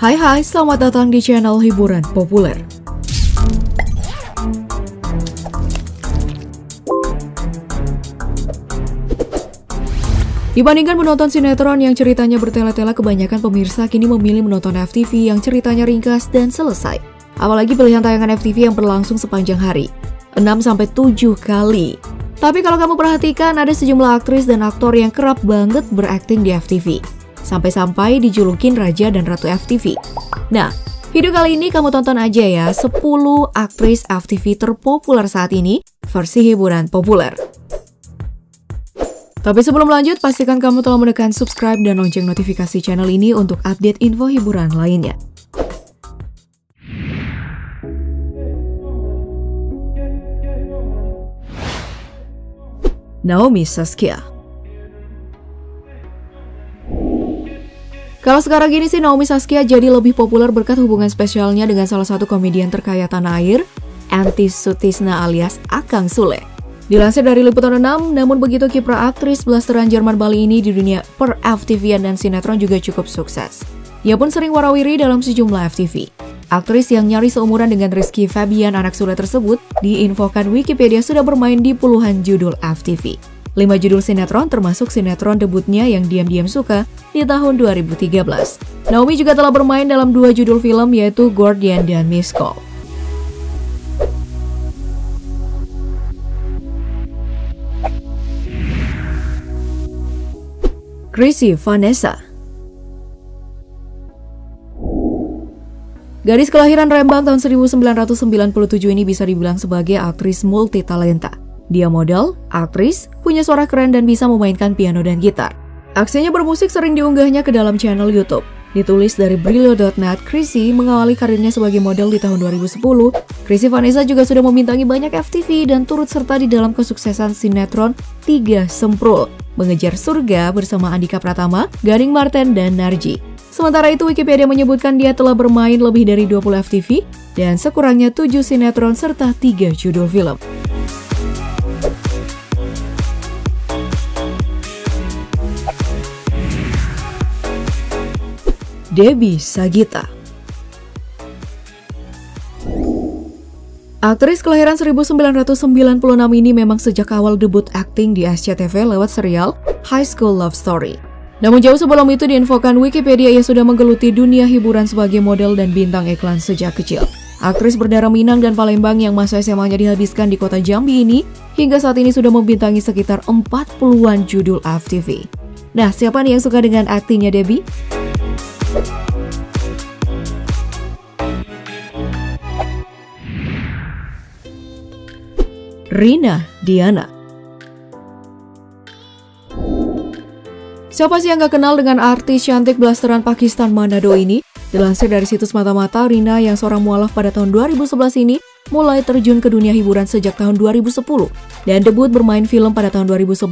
Hai hai, selamat datang di channel hiburan populer. Dibandingkan menonton sinetron yang ceritanya bertele-tele, kebanyakan pemirsa kini memilih menonton FTV yang ceritanya ringkas dan selesai. Apalagi pilihan tayangan FTV yang berlangsung sepanjang hari, 6-7 kali. Tapi kalau kamu perhatikan, ada sejumlah aktris dan aktor yang kerap banget berakting di FTV sampai-sampai dijulukin Raja dan Ratu FTV. Nah, video kali ini kamu tonton aja ya 10 aktris FTV terpopuler saat ini versi hiburan populer. Tapi sebelum lanjut, pastikan kamu telah menekan subscribe dan lonceng notifikasi channel ini untuk update info hiburan lainnya. Naomi Saskia Kalau sekarang gini sih Naomi Saskia jadi lebih populer berkat hubungan spesialnya dengan salah satu komedian terkaya tanah air, Anti Sutisna alias Akang Sule. Dilansir dari Liputan 6, namun begitu kiprah aktris blasteran Jerman Bali ini di dunia per FTV dan sinetron juga cukup sukses. Ia pun sering warawiri dalam sejumlah FTV. Aktris yang nyaris seumuran dengan Rizky Fabian anak Sule tersebut diinfokan Wikipedia sudah bermain di puluhan judul FTV. 5 judul sinetron termasuk sinetron debutnya yang diam-diam suka di tahun 2013. Naomi juga telah bermain dalam dua judul film yaitu Guardian dan Miss Call. Chrissy Vanessa Gadis kelahiran Rembang tahun 1997 ini bisa dibilang sebagai aktris multi talenta. Dia model, aktris, punya suara keren dan bisa memainkan piano dan gitar. Aksinya bermusik sering diunggahnya ke dalam channel YouTube. Ditulis dari Brilio.net, Chrissy mengawali karirnya sebagai model di tahun 2010. Chrissy Vanessa juga sudah membintangi banyak FTV dan turut serta di dalam kesuksesan sinetron Tiga Semprul, Mengejar Surga bersama Andika Pratama, Garing Marten, dan Narji. Sementara itu, Wikipedia menyebutkan dia telah bermain lebih dari 20 FTV dan sekurangnya 7 sinetron serta 3 judul film. Debi Sagita. Aktris kelahiran 1996 ini memang sejak awal debut akting di SCTV lewat serial High School Love Story. Namun jauh sebelum itu diinfokan Wikipedia ia sudah menggeluti dunia hiburan sebagai model dan bintang iklan sejak kecil. Aktris berdarah Minang dan Palembang yang masa SMA-nya dihabiskan di kota Jambi ini hingga saat ini sudah membintangi sekitar 40-an judul FTV. Nah, siapa nih yang suka dengan aktingnya Debbie? Rina Diana. Siapa sih yang gak kenal dengan artis cantik blasteran Pakistan Manado ini? Dilansir dari situs mata-mata, Rina yang seorang mualaf pada tahun 2011 ini mulai terjun ke dunia hiburan sejak tahun 2010 dan debut bermain film pada tahun 2011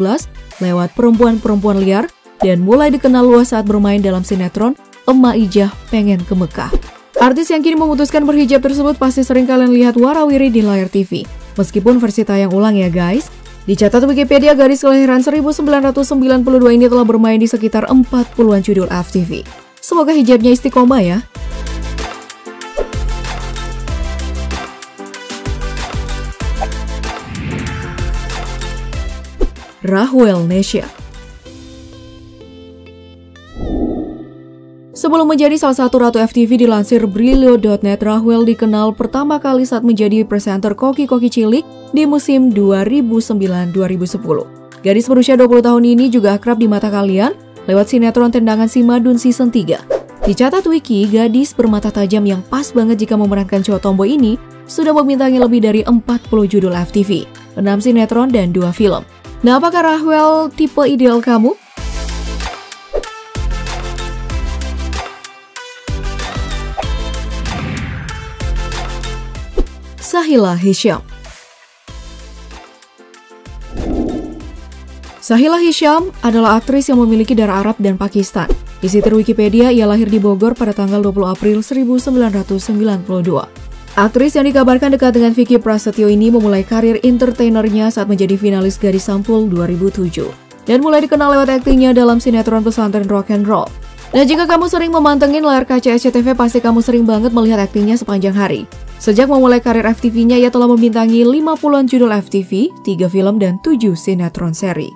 lewat perempuan-perempuan liar dan mulai dikenal luas saat bermain dalam sinetron Emma Ijah Pengen ke Mekah. Artis yang kini memutuskan berhijab tersebut pasti sering kalian lihat warawiri di layar TV. Meskipun versi tayang ulang ya guys, Dicatat Wikipedia garis kelahiran 1992 ini telah bermain di sekitar 40-an judul FTV. Semoga hijabnya istiqomah ya. Rahwel Nesya Sebelum menjadi salah satu ratu FTV dilansir Brilio.net, Rahwel dikenal pertama kali saat menjadi presenter koki-koki cilik di musim 2009-2010. Gadis berusia 20 tahun ini juga akrab di mata kalian lewat sinetron Tendangan Si Madun Season 3. Dicatat Wiki, gadis bermata tajam yang pas banget jika memerankan cowok tomboy ini sudah memintangi lebih dari 40 judul FTV, 6 sinetron, dan 2 film. Nah, apakah Rahwel tipe ideal kamu? Sahila Hisham. Sahila Hisham adalah aktris yang memiliki darah Arab dan Pakistan. Di situs Wikipedia, ia lahir di Bogor pada tanggal 20 April 1992. Aktris yang dikabarkan dekat dengan Vicky Prasetyo ini memulai karir entertainernya saat menjadi finalis Gadis Sampul 2007 dan mulai dikenal lewat aktingnya dalam sinetron pesantren rock and roll. Nah, jika kamu sering memantengin layar kaca SCTV, pasti kamu sering banget melihat aktingnya sepanjang hari. Sejak memulai karir FTV-nya, ia telah membintangi 50-an judul FTV, 3 film, dan 7 sinetron seri.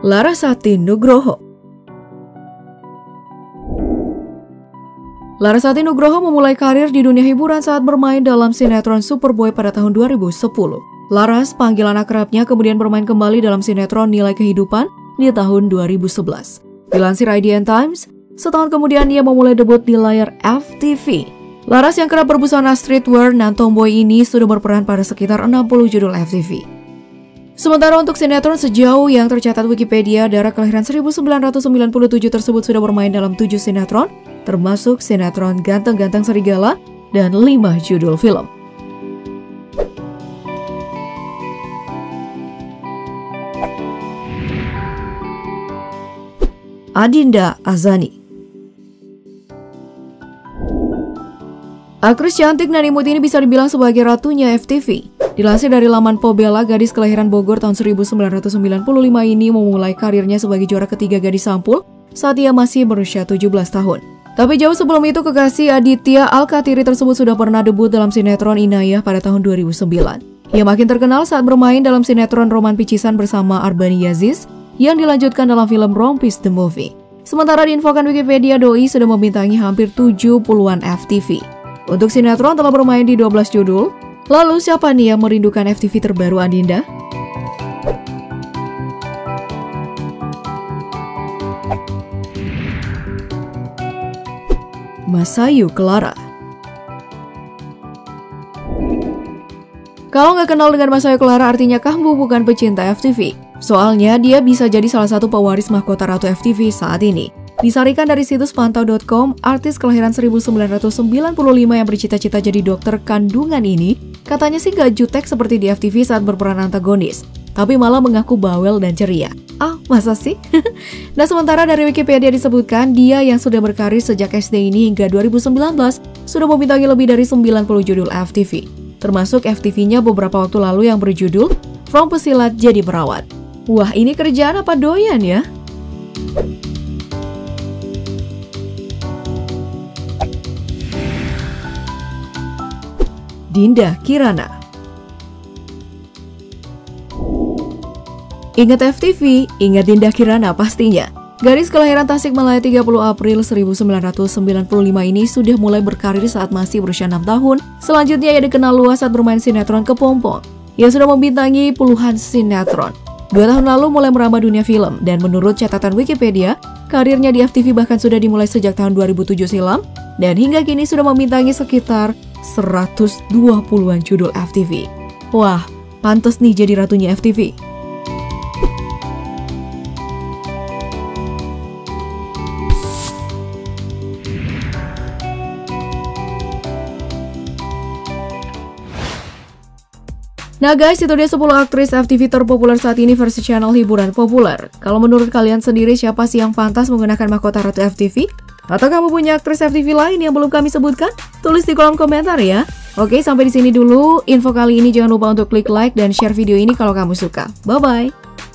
Larasati Nugroho Larasati Nugroho memulai karir di dunia hiburan saat bermain dalam sinetron Superboy pada tahun 2010. Laras, panggilan akrabnya, kemudian bermain kembali dalam sinetron Nilai Kehidupan di tahun 2011. Dilansir IDN Times, setahun kemudian ia memulai debut di layar FTV. Laras yang kerap berbusana streetwear dan tomboy ini sudah berperan pada sekitar 60 judul FTV. Sementara untuk sinetron sejauh yang tercatat Wikipedia, darah kelahiran 1997 tersebut sudah bermain dalam 7 sinetron termasuk sinetron Ganteng-Ganteng Serigala dan lima judul film. Adinda Azani Aktris cantik Nani ini bisa dibilang sebagai ratunya FTV. Dilansir dari laman Pobela, gadis kelahiran Bogor tahun 1995 ini memulai karirnya sebagai juara ketiga gadis sampul saat ia masih berusia 17 tahun. Tapi jauh sebelum itu kekasih Aditya Alkatiri tersebut sudah pernah debut dalam sinetron Inayah pada tahun 2009. Ia makin terkenal saat bermain dalam sinetron Roman Picisan bersama Arbani Yaziz yang dilanjutkan dalam film Rompis The Movie. Sementara diinfokan Wikipedia, Doi sudah membintangi hampir 70-an FTV. Untuk sinetron telah bermain di 12 judul. Lalu siapa nih yang merindukan FTV terbaru Adinda? Masayu Clara. Kalau nggak kenal dengan Masayu Clara artinya kamu bukan pecinta FTV. Soalnya dia bisa jadi salah satu pewaris mahkota Ratu FTV saat ini. Disarikan dari situs pantau.com, artis kelahiran 1995 yang bercita-cita jadi dokter kandungan ini, katanya sih gak jutek seperti di FTV saat berperan antagonis tapi malah mengaku bawel dan ceria. Ah, masa sih? nah, sementara dari Wikipedia disebutkan, dia yang sudah berkarir sejak SD ini hingga 2019 sudah membintangi lebih dari 90 judul FTV, termasuk FTV-nya beberapa waktu lalu yang berjudul From Pesilat Jadi Perawat. Wah, ini kerjaan apa doyan ya? Dinda Kirana Ingat FTV, ingat Dinda Kirana pastinya. Garis kelahiran Tasikmalaya 30 April 1995 ini sudah mulai berkarir saat masih berusia 6 tahun. Selanjutnya ia dikenal luas saat bermain sinetron ke Pompong. Ia sudah membintangi puluhan sinetron. Dua tahun lalu mulai merambah dunia film dan menurut catatan Wikipedia, karirnya di FTV bahkan sudah dimulai sejak tahun 2007 silam dan hingga kini sudah membintangi sekitar 120-an judul FTV. Wah, pantas nih jadi ratunya FTV. Nah guys, itu dia 10 aktris FTV terpopuler saat ini versi channel hiburan populer. Kalau menurut kalian sendiri, siapa sih yang pantas menggunakan mahkota Ratu FTV? Atau kamu punya aktris FTV lain yang belum kami sebutkan? Tulis di kolom komentar ya. Oke, sampai di sini dulu. Info kali ini jangan lupa untuk klik like dan share video ini kalau kamu suka. Bye-bye!